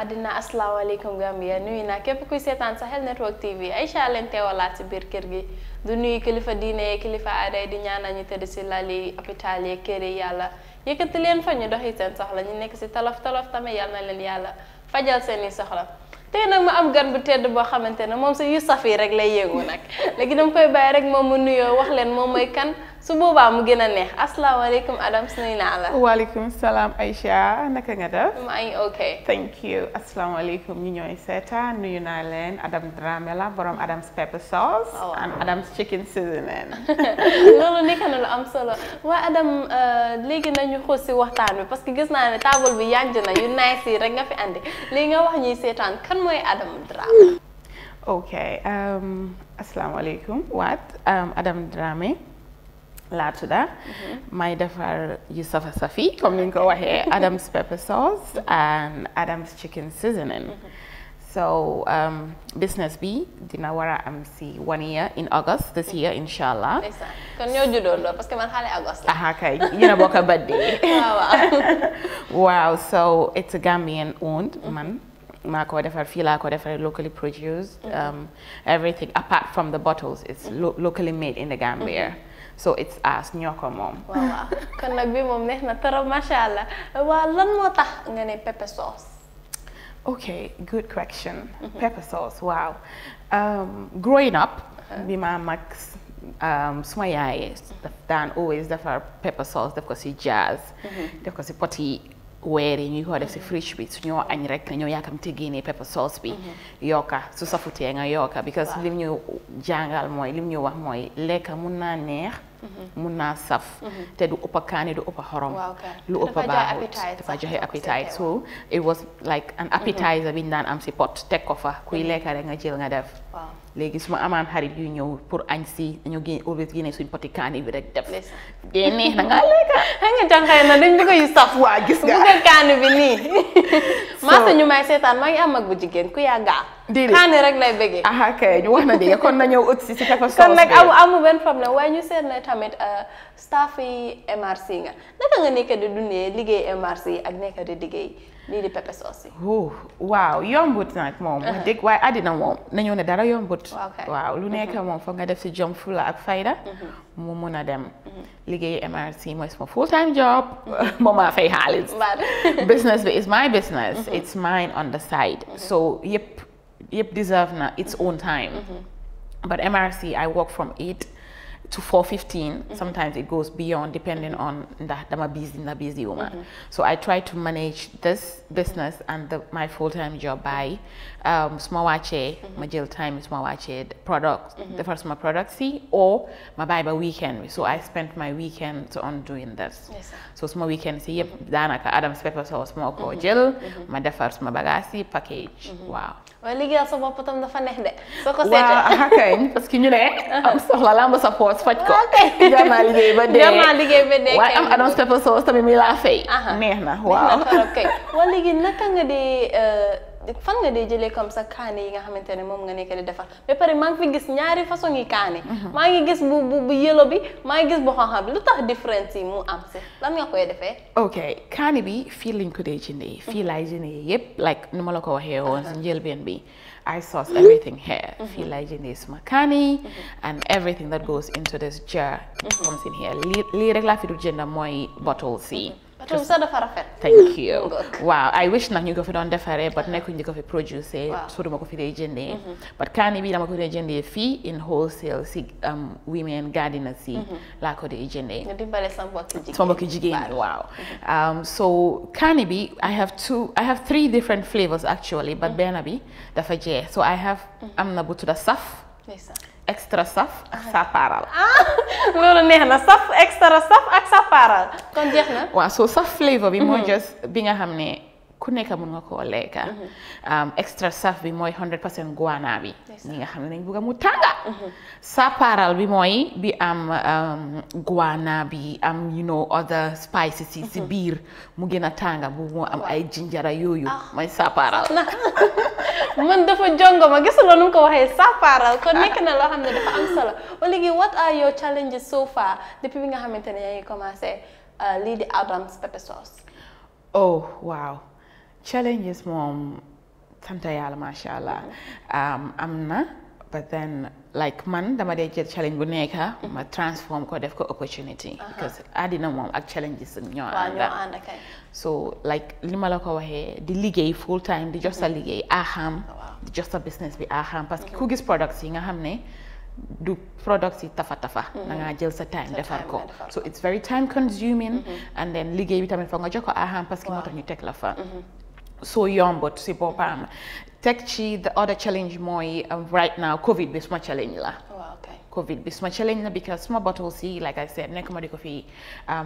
àddina asalaamaaleykum Gambia nuyu naa képp kuy seetaan Sahel Network TV Aïcha leen teewalaat si biir kër gi du nuyu kilifa diine kilifa aaday di ñaanal ñu tëdd si lali hôpital yi kër yi yàlla yëkkati leen fa ñu dox doxi seen soxla ñu nekk si tolof tolof tamit yàlla na leen yàlla fajal seen i soxla tey nag ma am gan bu tedd boo xamante ne moom si yu saf yi rek lay yëngu nag léegi dama koy bàyyi rek moom mu nuyoo wax leen moom mooy kan. su boba mu gëna neex assalamu alaykum Adam sunina ala wa alaykum salaam aisha naka nga def. ma ngi okay thank you alaykum ñu ñoy seetaan nuyu na leen Adam Dramela, borom Adam's pepper sauce. Oh, and Adam's chicken seasoning. lolu ni kan lu am solo wa Adam eh, léegi nañu xool waxtaan bi parce que gis na ne table bi yanj na yu nice yi rek nga fi andi li nga wax ñuy seetaan kan moy Adam um, assalamu alaykum asalaamaaleykum um Adam Dramé. laa da. may defar yu safi coming over here. Adam's pepper sauce and Adam's chicken seasoning mm-hmm. so um, business B, Dinawara MC, one year in August this mm-hmm. year Inshallah. allah. kon ñoo juddoon lool a birthday. Wow. so it's a Gambian owned mm-hmm. man. maa ko defar fii laa locally produced. Um, everything apart from the bottles it's locally made in the Gambia so it's us ñoo ko moom. waaw waaw kon nag bi moom neex na trop macha allah waaw lan moo tax nga ne pepper sauce. okay good question. pepper sauce waaw. Um, growing up. bi uh-huh. ma mag um, suma yaay daf always defar pepper sauce def ko si jars. Mm-hmm. def ko si poti weer yi ñu ko def si fridge bi su ñoo añ rek ñoo yaakamte génnee pepper sauce bi mm-hmm. yokka su safutee nga yokka because lim ñu jàngal mooy lim ñu wax mooy lekka mun naa neex mun naa saf mhm. te du ëpp kaani du ëpp xorom lu ëpp baaxut dafa joxe appétit so it was like an mhm. appetizer bi ñu daan am si pot teg ko fa kuy mhm. lekk rek nga jël nga def léegi su ma amaan xarit yu ñëw pour añ si ñu génne obis génne suñ poti kaani bi rek def génne na nga lekka xam nga jànqale na dañ bëgg yu saf waa gis nga kaani bi nii maa ñu may seetaan maa ngi am mag bu jigéen ku yaa gaa. déedéet rek lay bëggee. ah kay ñu wax na dégg kon na ñëw ut si si kafa soos kon nag amu amu benn problème waaye ñu seet na tamit euh, staff yi MRC nga naka nga nekk di dundee liggéey MRC ak nekk di liggéey. lii di pepe sauce yi. waaw yombut nag moom. wax dëgg waaye àddina moom nañoo ne dara yombut. waaw lu nekk moom foog nga def si jom fula ak fayda. Mm-hmm. mu mun a dem. Mm-hmm. liggéeyu MRC mooy sama full time job. moom mm-hmm. maa fay xaalis. business bi is my business. it's mine on the side. so yëpp yëpp deserve na its own time. but MRC I work from eight. to 415 mm -hmm. sometimes it goes beyond depending on the busy the busy woman mm -hmm. so i try to manage this business and the, my full-time job by um small watch eh, my mm-hmm. jail time small watch eh, product mm-hmm. the first my product see or my bible weekend so i spent my weekends on doing this yes, so small weekend see yep mm-hmm. danaka adam's pepper so small ko jail my the first my bagasi package wow well liggéeyal sa bopp tam dafa neex de soo ko seetee waaw Because you know. ne am so support faj ko. jaamaa liggéey ba dee jaamaa liggéey ba dee waaye am Adam's pepper sauce tamit mi laa fay. neex na waaw neex na naka nga di. Eh, fan nga dee jëlee comme ça kaani yi nga xamante ne moom nga nekk di defar be pare maa fi gis ñaari façon yi kaani mhm. maa ngi gis bu bu bu bi maa ngi gis bu xonq bi lu tax différence yi mu am si lan nga koy defee ok kaani bi fii lañ ko dee jëndee fii laay jëndee yëpp like nu ma la ko waxee woon si uh-huh. njëlbeen bi I source everything here. Mm -hmm. Feel like in this makani mm -hmm. and everything that goes into this jar Li reg la fi du jënd mooy bottle si. thank you waaw I wish nag ñu ko fi doon defaree but nekkuñ di ko fi producer. Eh, waaw su duma ko fi dee jëndee. Eh. Mm-hmm. but kaani bi dama ko dee jëndee fii in wholesale si um, women gardeners si. laa ko dee jëndee. nga dimbale sa mbokki jigéen sa mbokki jigéen so kaani bi I have two I have three different flavors actually but mm-hmm. benn bi dafa jeex so I have am mm-hmm. na bu tudda saf extra saf ak ah. sa paral ah. lolu neex saf extra saf ak paral kon jeexna wa waaw saf flavor bi. mooy mhm. just bi nga xam ne ku nekk mun nga koo lekka. Mhm. Um, extra saf bi mooy 100% guana bi. ñi nga xam ne dañ bugg a mu tànga. paral mhm. bi mooy bi am um, guana bi am you know other spices si biir mu gën a tànga bu mu am ay jinjara yooyu ah. mooy paral man dafa jongo ma gisuloo nu mu ko waxee saafaaral kon nekk na loo xam ne dafa am solo ba what are your challenges so far depuis nga xamante ne yaa ngi commencé euh, lii di Adams pepper sauce. oh waaw challenges moom sant yàlla macha allah mm-hmm. um, am na. but then like man dama dee jël challenge bu nekk ah, ma transform ko def ko opportunity uh-huh. because addina moom ak challenges ñoo ànd ah. so like li ma la ko waxee di liggéey full time di jox sa uh-huh. liggéey aaxaam oh, di jox sa business bi aaxaam parce que ku uh-huh. gis products yi nga xam ne du products yi tafa tafa da ngaa jël sa time defar ko so it's very time consuming and then liggéey bi tamit foog nga jox ko aaxaam parce que moo tax ñu teg la fa young, but si boppam teg chi the other challenge mooy uh, right now Covid is suma challenge la. COVID This is ma challenge because small bottles see, like I said nekkuma coffee ko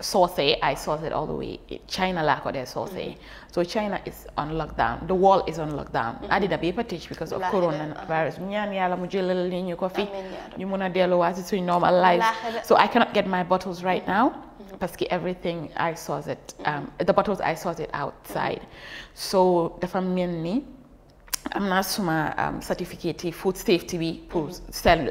source I source it all the way China lack of their source eh? mm-hmm. so China is on lockdown the world is on lockdown mm-hmm. I did yëpp a tëj because of coronavirus ñaan yàlla mu jëlal ni ñu ko fi ñu mun a delluwaat si suñ normal life so I cannot get my bottles right mm-hmm. now parce everything I source it um, the bottles I source it outside so and me, i am naa suma um, certificate food safety bi sell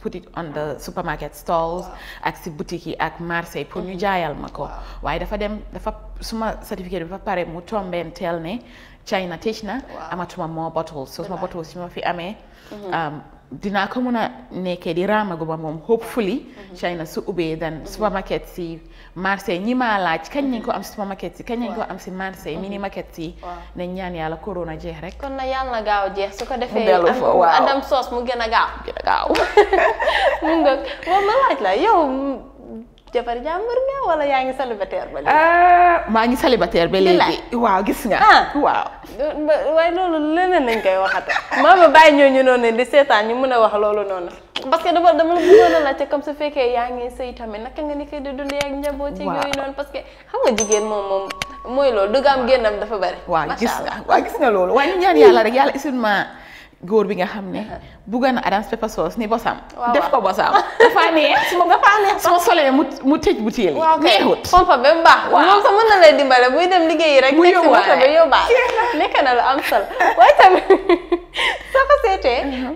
put it on the supermarket stalls ak si boutique yi ak marché pour ñu jaayal ma ko waaye dafa dem dafa suma certificat bi dafa pare mu tombeen teel ne China tëj na amatuma moo bottle so suma bottle si ma fi amee mhm. um, dinaa ko mun a nekkee di raamagu ba moom hopefully China su ubbee dan supermarket si marse ñi ma laaj kañ nañ ko am si supermarket mhm. si kañ nañ ko am si marse mini market si nañ ñaan yàlla corona jeex rek kon na yàlla na gaaw jeex su ko adam sauce mu gën a gaaw gën a gaaw mun nga laaj la yow jabar jàmbur nga wala yaa ngi célibataire ba léegi. Ah, maa ngi célibataire ba léegi. waaw gis nga. Ah. waaw. waaye loolu leneen nañ koy waxata maa ma bàyyi ñooñu noonu di seetaan ñu mën a wax loolu noonu. parce que dama dama la bëggoon a laajte comme su fekkee yaa ngi sëy tamit naka nga ni koy di dundee ak njaboot ci yooyu noonu parce que xam nga jigéen moom moom mooy loolu duggaam génnam dafa bari. waaw gis nga gis nga loolu waaye ñu ñaan yàlla rek yàlla isulma. góor bi nga xam ne. bugga na Adams pepper sauce ni bosam. def ko bosam. dafa neex su ma dafa neex su ma solee mu mu tëj butéel yi. waaw kay pompa ba mu baax. lay dimbale buy dem liggéeyi rek. mu yóbbaale nekk na lu am solo waaye tamit soo ko seetee. Mhm.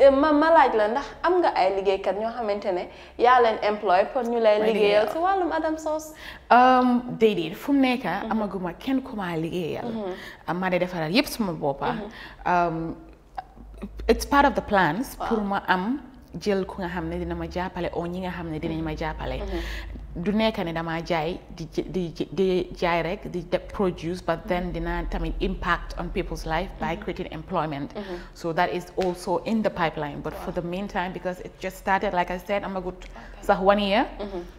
Euh, ma ma laaj la ndax am nga ay liggéeykat ñoo xamante ne yaa leen employé pour ñu lay liggéeyal si wàllum Adams sauce. Um, déedéet fu mu nekk mhm. amaguma kenn ku ma liggéeyal. maa mhm. de defaral yëpp suma boppa um, it's part of the plans. pour ma am jël ku nga xam ne dina ma jàppale oo ñi nga xam ne dinañ ma jàppale. Mm-hmm. du nekk ne damaa jaay di di di jaay rek di produce but then mm-hmm. dina tamit impact on people's life by mm-hmm. creating employment mm-hmm. so that is also in the pipeline but for the meantime because it just started like I said amagut sax one year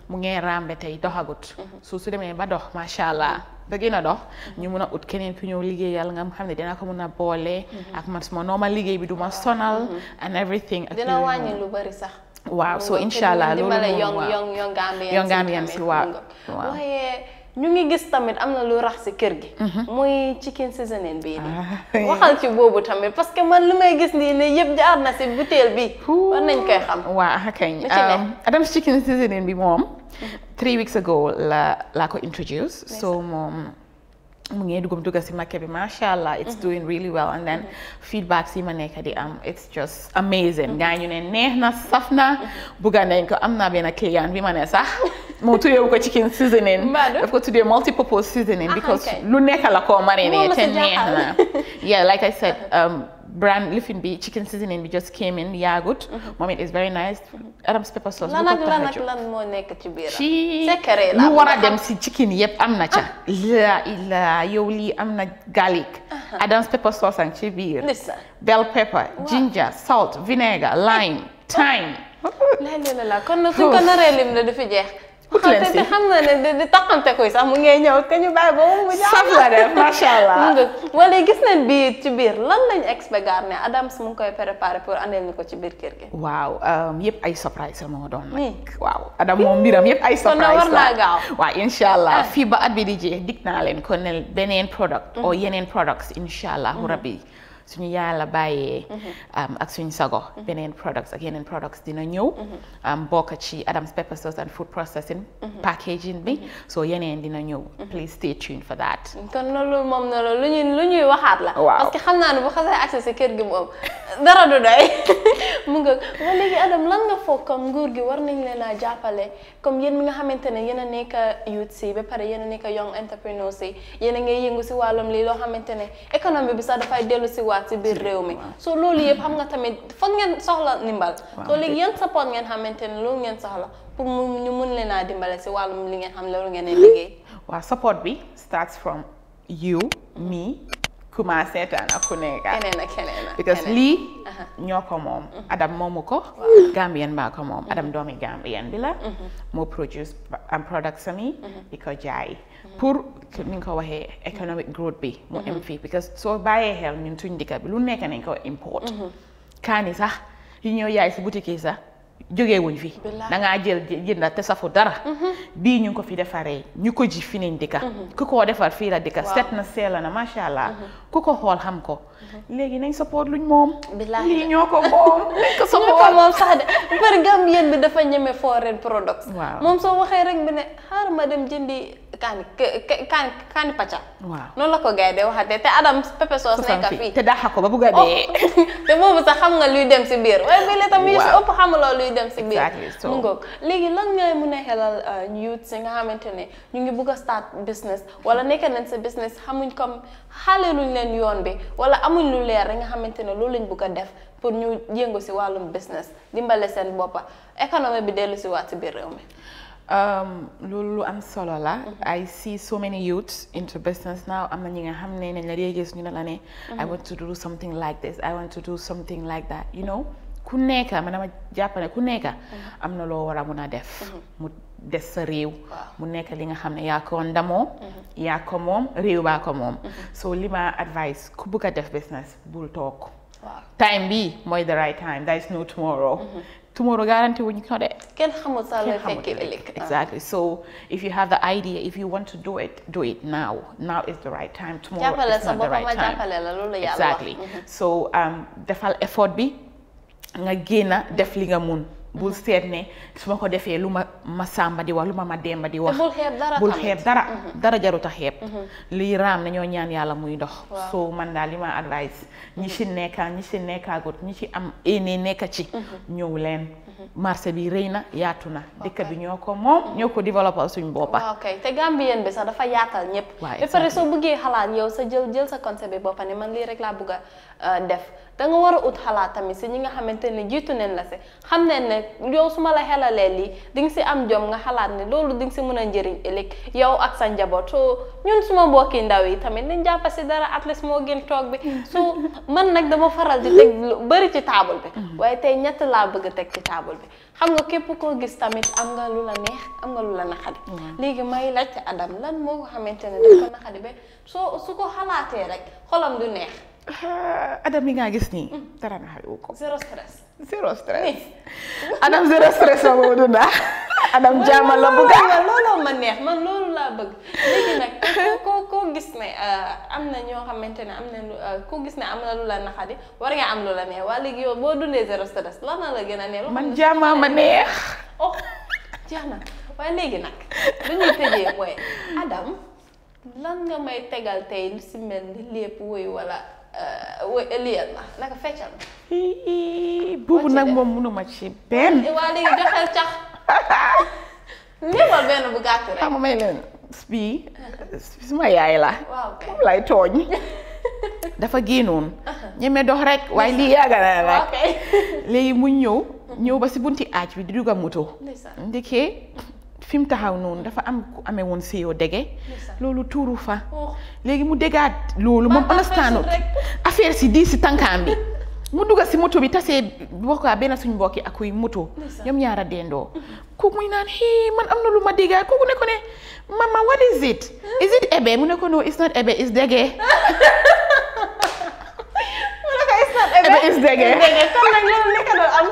mu ngee rambe tey doxagut so su demee ba dox macha allah ba gën a dox ñu mun a ut keneen fi ñëw liggéeyal ngam xam ne dina ko mun a boole ak man suma normal liggéey bi duma sonal and everything dina wàññi lu bari sax waaw so oh, inshallah loolu moom waaw young Gambian si waaw waaw ñu ngi gis tamit am na lu rax si kër gi. Mhm. muy chicken seasoning bii nii. Ah. waxal ci boobu tamit parce que man lu may gis nii ne yëpp jaar na si butéel bi. war nañ koy xam. waaw kañ um, Adam's chicken seasoning bi moom. Mhm. three weeks ago la laa ko introduce. so moom. mungkin dugum duga si makke bi mashallah it's mhm. doing really well and then mhm. feedback si ma nekk di am um, it's just amazing mhm. gaa ñu ne neex na saf na bugga nañ ko am naa benn client bi ma ne sax moo tuddee ko chicken seasoning daf ko tuddee multi purpose seasoning because lu nekk la koo marinate te neex na yeah like I said um, brand lifin bi chicken seasoning bi just came in yaagut. Mhm. moom it is very nice. Adam's pepper sauce. lan ak lan ak moo nekk ci biir. la lu war a dem si chicken yëpp am na ca. la ah. la yow lii am na garlic. Adam's pepper sauce ang ci biir. bell pepper ginger salt vinegar lime thyme. léeg-léeg la kon nag suñ ko naree lim ut leen si xam na ne mu ngay ñëw te ñu bàyyi ba mu jaaxal saf la def macha allah. wala gis nañ biir ci biir lan lañ expecté ne Adams mu koy préparé pour andeel ñu ko ci biir kër gi. waaw yëpp ay surprise la doon nag. waaw Adam moom mbiram yëpp ay surprise la war gaaw. waaw incha allah fii ba at bi di jeex dig naa leen ko ne beneen product. o yeneen products incha allah rabbi. suñu yàlla bàyyee. Mm-hmm. Um, ak suñu sago. Mm-hmm. beneen products ak yeneen products dina ñëw. Mm-hmm. Um, bokk ci Adams Pepper Sauce and food processing. packaging bi so yeneen dina ñëw. please stay tuned for that. kon loolu moom na ñuy lu ñuy la. waaw parce que xam naa ne bu xasee accès si kër gi moom dara du mu nga ba léegi Adam lan nga foog comme nguur gi war nañ leen a jàppale comme yéen mi nga xamante ne yéen a nekk youth si ba pare yéen a nekk young entrepreneurs si yéen a ngay yëngu waat si biir réew mi so loolu yëpp e xam nga tamit foog ngeen soxla ndimbal so léegi yan support ngeen xamante ne loolu ngeen soxla pour mu ñu mën leen a dimbale si wàllum li ngeen xam loolu ngeen liggéey waaw support bi starts from you me kuma seetaan ak ku nekk keneen ak keneen because lii ñoo ko moom mhm. Adam moomu Gambien baa ko moom Adam mhm. doomi Gambien bi la mhm. moo produce am production yi di ko jaay pour ni nga ko waxee economic growth bi mu am mm-hmm. fii because soo bàyyee xel ñun suñ dikka bi lu nekk nañ ko import mm-hmm. kaani sax yi ñëw yaay si boutique yi sax jógee wuñ fi dangaa jël jënda te safu dara mm-hmm. bii ñu ko fi defaree ñu ko ji fi nañ dikka ku ko defar fii la dikka set na seela na macha allah ku ko xool xam ko léegi nañ support luñ moom lii ñoo ko moom nañ ko support moom sax de par gam bi dafa ñeme foreign products waaw moom soo waxee rek bi ne xaaral ma dem jëndi Kan, kan kan kan pacha non la ko gaade waxate te adam pepe sos nekk fi te daxa ko ba buga dee oh, te boobu sax xam nga luy dem si biir waaye bi la tam yu si ëpp xamuloo luy dem si biir mu ngoog léegi lan ngay mun a xelal youth si nga xamante ñu ngi bugg start business wala nekk nañ sa business xamuñ comme xaale luñ leen yoon bi wala amuñ lu leer nga xamante ne lañ bugg def pour ñu yëngu si wàllum business dimbale seen boppa économie bi dellu si waat si biir réew mi Um, loolu lu am solo la. Mm-hmm. I see so many youths into business now am na ñi nga xam ne nañ la dee gis ñu ne la ne. I mm-hmm. want to do something like this I want to do something like that you know ku nekk man dama jàpp ne ku nekk. Mm-hmm. am na loo war a mun a def. mu des sa réew. mu nekk li nga xam ne yaa ko ndamoo. yaa ko moom réew baa ko moom. so li ma advice ku bëgg a def business bul toog. time bi mooy the right time there is no tomorrow. tomorrow guarantee when you de kenn exactly so if you have the idea if you want to do it do it now now is the right time tomorrow is not the right time exactly so um defal effort bi nga génna def li nga mun bul mhm. seet ne su ma ko defee lu ma ma sàmba di wax lu ma ma demba di wax bul xeeb dara mhm. dara jarut a xeeb mhm. lii raam nañoo ñaan yàlla muy dox so man daal li ma advice ñi si nekka ñi si nekkaagut ñi ci am éene nekka ci ñëw leen marché bi rëy na yaatu na dëkk bi ñoo ko moom ñoo ko développé suñ boppa ok te Gambien bi sax dafa yaatal ñëpp ba pare soo bëggee xalaat yow sa jël jël sa concept bi boppa ne man lii rek laa bëgg Euh, def da nga war a ut xalaat tamit si ñi nga xamante ne jiitu neen la si xam ne ne yow su ma la xelalee lii di nga si am jom nga xalaat ne loolu di nga si mën a njëriñ ëllëg yow ak sa njaboot soo suma mbokki ndaw yi tamit nañ si dara at least moo gën toog bi su man nag dama faral di teg lu ci taabal bi mhm. waaye tey ñett laa bëgg a teg ci taabal bi xam nga képp koo gis tamit am nga am nga la naxadi mhm. léegi may laaj Adam lan moo ko xamante ne daf soo su xalaatee rek xolam du neex Eh, Adam mi ngaa gis nii. dara naxariwu ko. zero stress. zero stress. Adam zero stress la moo dunda. Adam jaama la bëgg a. looloo ma neex man loolu ya. laa bëgg léegi nag ko ko gis ne eh, am na ñoo xamante am na eh, ko gis ne am na lu la naxari war nga am lu la neex waa léegi yow boo dundee zero stress lan la gën a neex. man jaama ma neex. oh jeex na waaye nak. nag lu ñuy Adam lan nga may tegal tey lu si mel ni lépp wala. Euh, liyal ma naka feccal nag moom mënuma ci benn. waa léegi joxeel cax. suma yaay la. moom lay tooñ. dafa génnoon. Uh-huh. ñeme dox rek waaye lii yàgg na rek. léegi mu ñëw. Uh-huh. ñëw ba si bunti aaj bi di dugg a moto. fi mu taxaw noonu dafa am ku amee woon CEO dege loolu tuuru fa oh. léegi mu dégaat loolu moom understandut affaire si di si bi mu dugal si moto bi tasee bokkaa benn suñ mbokki ak kuy moto ñoom ñaar a am ma déggaat mu ne ko no it's not ebe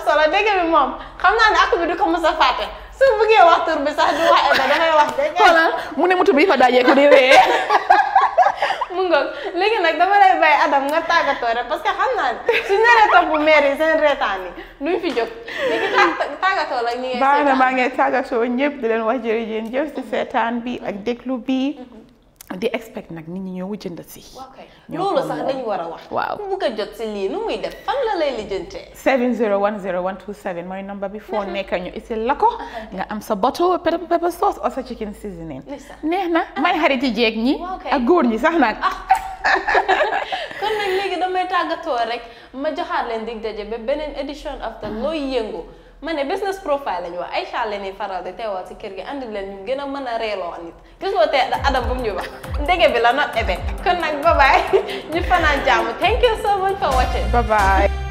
solo dege bi moom xam naa ne ak bi du ko mos fàtte Sebenarnya waktu besar dua, eh tadi kayak waktunya. Kalau mungkin mau coba pada aja dewe. Mungkin, lagi nak tahu ya, lah, baik ada mengerti kata orang. Pas kan nanti, sini ada tamu meri sini ada tani. Nui video, lagi tak kata orang ni. Bang, bang, tak kata orang nyep dalam wajah jenjep, sesetan bi, agdek lubi. Mhm. di expect nag nit ñi ñëw jënd si. loolu sax dañu war a wax. waaw ku bëgg a jot si lii nu muy def fan la lay lijjantee. 7010127 mooy number bi foo nekk ñu isil la ko. nga am sa bottle pepper sauce or sa chicken seasoning. neex na may xarit yi jeeg ñi. ak góor ñi sax nag. Ah. kon nag léegi damay tàggatoo rek ma joxaat leen dig daje ba beneen édition after looy yëngu. man ne business profile la ñu wax Aïcha la ñuy faral di teewal si kër gi andi leen ñu gën a mën a reeloo nit gis nga tey adam bu mu ñu wax ndege bi la not ebe kon nag bye bye ñu fanaan jàmm thank you so much for watching bye bye